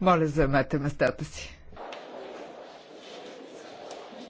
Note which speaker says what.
Speaker 1: Моля, заемете местата си.